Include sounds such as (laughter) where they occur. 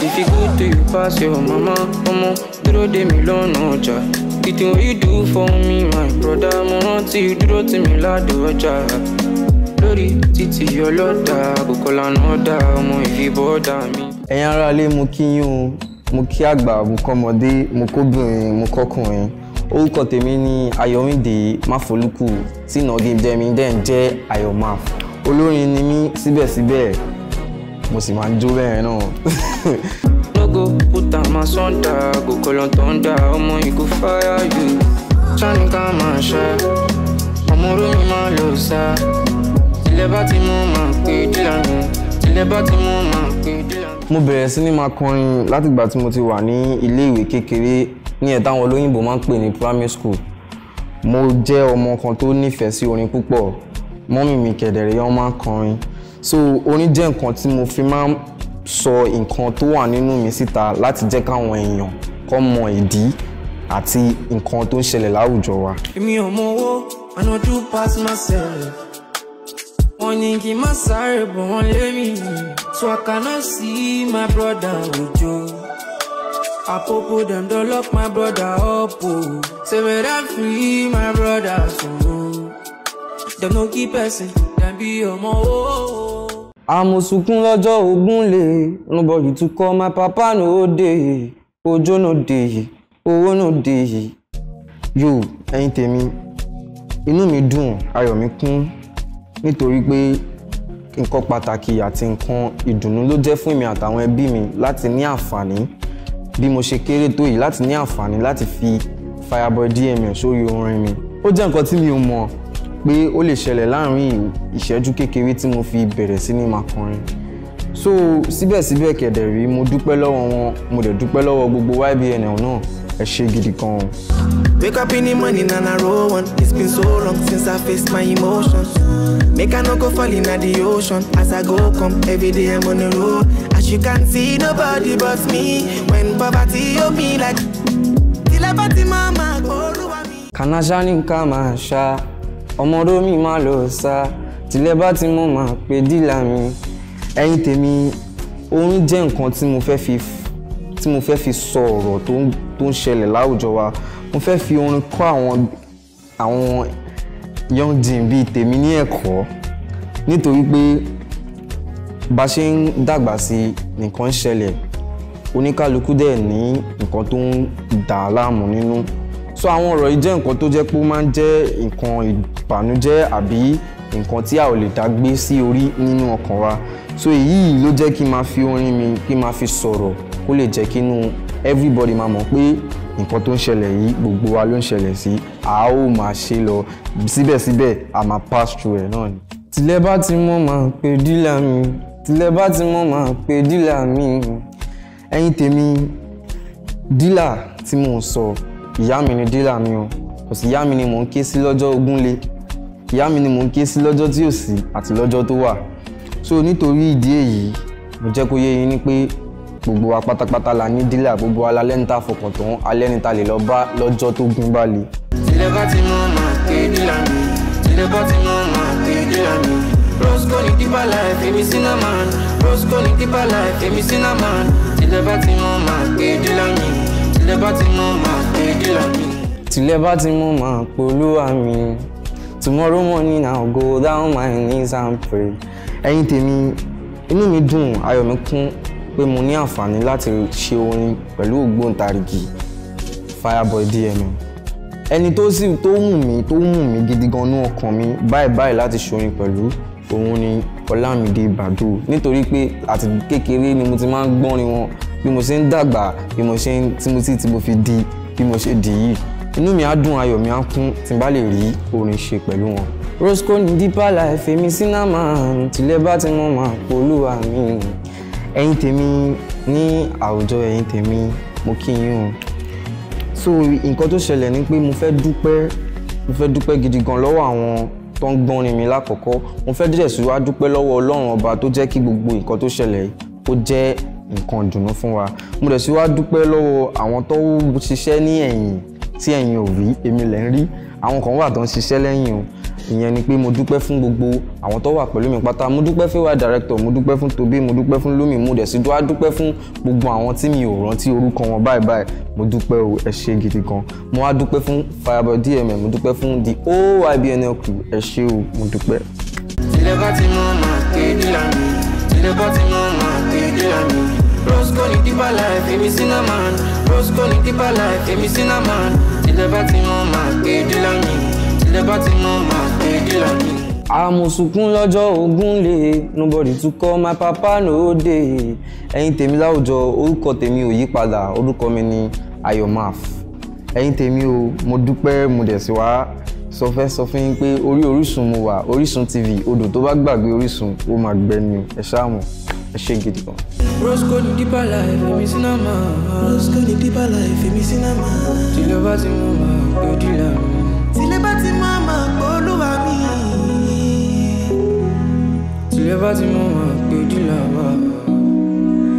But if it good to you pass your mama, ọmọ dúró dè mí lọ́nà ọjà. It's what you do for me, my brother. Mo rántí dúró tì mí ládò ọjà. Lórí títí ọlọ́dà, àgùkọ lànà ọ̀dà, ọmọ ìfibọ́dà mi. Ẹ̀yin ará ilé mo kí yín o, mo kí àgbà, mo kọ́mọdé, mo kóbìnrin, mo kọ́kùnrin orúkọ tèmi ni ayọ̀mídé máfolúkú tí ìnàgé jẹ́mi dẹ́n jẹ́ ayọ̀máf olórin ni mí síbẹ̀síbẹ̀ mo sì máa ń jó bẹ́ẹ̀ náà. (laughs) lógo puta máa sọ́ńdà gòkò lọ tó ń dà ọmọ ìgò fáyà yù sani ká máa ṣá ọmọ olóyún máa lò sá tilẹ̀ bá ti mú máa pè dílànà tilẹ̀ bá ti mú máa pè dílànà. mo bẹ̀rẹ̀ sí ni máa kọrin látìgbà tí mo ti wà ní ilé kékeré ní ẹ̀ táwọn olóyìnbó máa ń pè ní primary school mo jẹ́ ọmọ kan tó nífẹ̀ẹ́ sí orin púpọ̀ mọ́mì mi kẹ̀dẹ̀rẹ̀ yẹn máa ń kọrin so orin jẹ́ nǹkan tí mo fi máa ń sọ nǹkan tó wà nínú mi síta láti jẹ́ káwọn èèyàn kọ́ mọ ìdí àti nǹkan tó ń ṣẹlẹ̀ láwùjọ wa. èmi ò mọ owó àná tó pass myself wọ́n ní kí n má sáré bọ̀ wọ́n lé mi so I cannot see my brother Ojo. Apopo dem don lock my brother up oh say make dem free my brother so dem no keep person dem be ọmọ oh àmùsùnkún lọ́jọ́ ogún lè rúbọ̀yì tún kọ́ máa pàpà nù ó dé ojó nù dé owó nù dé yo ẹ̀yin tèmi inú mi dùn ayọ̀ mi kún nítorí pé nǹkan pàtàkì àti nǹkan ìdùnnú ló jẹ́ fún mi àtàwọn ẹbí mi láti ní àǹfààní bí mo ṣe kéré tó yìí láti ní àǹfààní láti fi Fireboy DML sórí orin mi ó jẹ́ nǹkan tí mi ò mọ̀ pé ó lè ṣẹlẹ̀ láàrin ìṣẹ́jú kékeré tí mo fi bẹ̀rẹ̀ sí ní máa so síbẹ̀síbẹ̀ kẹ̀dẹ̀ rí mo dúpẹ́ lọ́wọ́ wọn mo dẹ̀ dúpẹ́ lọ́wọ́ gbogbo YBN náà ẹ ṣe gidi gan. wake up in the morning and I roll one it's been so long since I faced my emotions make I no go fall in the ocean as I go come every day I'm on the road as you can see nobody but me when poverty hold me like Till I máa máa gbọ́ olúwa mi. kànáṣá ní nǹkan máa ṣá ọmọdé mi máa lọ sá tilẹ̀ bá ti mọ̀ máa pe dílà mi ẹ̀yin tèmi orin jẹ́ nǹkan tí mo fẹ́ fi mo fẹ́ fi sọ ọ̀rọ̀ tó ń ṣẹlẹ̀ láwùjọ wa mo fẹ́ fi orin kọ́ àwọn àwọn young jin bíi tèmi ní ẹ̀kọ́ nítorí pé bá ṣe ń dàgbà sí nǹkan ń ṣẹlẹ̀ oníkálukú dẹ̀ ní nǹkan tó ń dà á láàmú nínú so àwọn ọ̀rọ̀ yìí jẹ́ nǹkan tó jẹ́ pé ó máa ń jẹ́ nǹkan ìbànújẹ́ àbí nǹkan tí a ò lè dágbé sí orí nínú ọkàn wa so èyí ló jẹ́ kí n máa fi orin mi kí n máa fi sọ̀rọ̀ kó lè jẹ́ kínú everybody máa mọ̀ pé nǹkan tó ń ṣẹlẹ̀ yìí gbogbo wa ló ń ṣẹlẹ̀ sí a ó máa ṣe lọ síbẹ̀síbẹ̀ a máa pass through ẹ̀ náà ni. tilẹ̀ bá ti mọ̀ máa pe dílà mi tilẹ̀ bá ti mọ̀ máa pe dílà mi ẹ̀yin tèmi dílà tí mò ń sọ ìyá mi ni dílà mi o kò sí ìyá mi ni mò ń ké sí lọ́jọ́ ogúnlé ìyá mi ni mò ń ké sí lọ́jọ́ tí ò sí àti lọ́jọ́ tó wà so nítorí ìdí èyí mo jẹ́ kó yé yín ni pé gbogbo wa pátápátá la ní dílà gbogbo wa lálẹ́ níta fọkàn tán alẹ́ níta lè lọ bá lọ́jọ́ tó gún bá le. tilẹ̀ bá ti mú ọmọ kéde lànà tilẹ̀ bá ti mú ọmọ kéde lànà rosco ní deeper life èmi cinnamon rosco ní deeper life èmi cinnamon tilẹ̀ bá ti mú ọmọ kéde lànà tilẹ̀ bá ti mú ọmọ kéde lànà. tilẹ̀ bá ti mú ọmọ polówó àmì tomorrow morning i'll go down my knees and pray. ẹ̀yin tèmi inú mi dùn ayọ̀ mi kún pé mo ní àǹfààní láti ṣe orin pẹ̀lú ògbóǹtarìgì Fireboy DMM ẹni tó sì tó wù mí tó wù mí gidi gan ní ọkàn mi báyìí báyìí láti ṣorin pẹ̀lú òun ni Ọlámídé Bàdóò nítorí pé àti kékeré ni mo ti máa ń gbọ́rin wọn bí mo ṣe ń dàgbà bí mo ṣe ń tí mo sì tí mo fi di bí mo ṣe dì yìí inú mi á dùn ayọ̀ mi á kún tí n bá lè rí orin ṣe pẹ̀lú wọn. Roscoe ní deeper life èmi sinama tilẹ̀ bá ti mọ̀ máa polúwa mi ẹ̀yin tèmi ní àwùjọ ẹ̀yin tèmi mo kí yín o. so nǹkan tó ṣẹlẹ̀ ni pé mo fẹ́ dúpẹ́ mo fẹ́ dúpẹ́ gidi gan lọ́wọ́ àwọn tó ń gbọ́nrin mi lákọ̀ọ́kọ́ mo fẹ́ díẹ̀ sí wá dúpẹ́ lọ́wọ́ Ọlọ́run ọba tó jẹ́ kí gbogbo nǹkan tó ṣẹlẹ̀ ó jẹ́ nǹkan ìdùnnú fún wa mo dẹ̀ sí wá dúpẹ́ lọ́wọ́ àwọn tó ṣiṣẹ́ ní ẹ̀yìn tí ẹ̀yin ò rí èmi lẹ̀ ń rí àwọn kan wà tó ń ṣiṣẹ́ lẹ́yìn o ìyẹn ni pé mo dúpẹ́ fún gbogbo àwọn tó wà pẹ̀lú mi pátá mo dúpẹ́ fún wa director mo dúpẹ́ fún Tobi mo dúpẹ́ fún Lumi mo dẹ̀ sí dúwá dúpẹ́ fún gbogbo àwọn tí mi ò rántí orúkọ wọn báyìí báyìí mo dúpẹ́ o ẹ ṣé gidi gan mo wá dúpẹ́ fún Fireboy DMM mo dúpẹ́ fún the whole IBNL crew ẹ ṣé o mo dúpẹ́. ìdẹ́gbà tí mo mọ̀ kéde lánàá ìdẹ́gbà tí mo mọ̀ deeper life, èmi sinna man. Roscoe ní deeper life, èmi sinna man. Tilẹ̀ bá ti mọ màá pé dílà mi. Tilẹ̀ bá ti mọ màá pé dílà mi. Àmọ̀sùnkún lọ́jọ́ ogún lè nobody tún call my papa no dey. Ẹ̀yin tèmi láwùjọ orúkọ tèmi ò yí padà orúkọ mi ni Ayomaf. Ẹ̀yin tèmi o, mo dúpẹ́ mo dẹ̀ sí wá sọ fẹ́ sọ fún yín pé orí Orísun mo wà Orísun TV odò tó bá gbàgbé Orísun ó máa gbẹ ni o ẹ ṣáà mọ̀. ẹ ṣe gidi gan.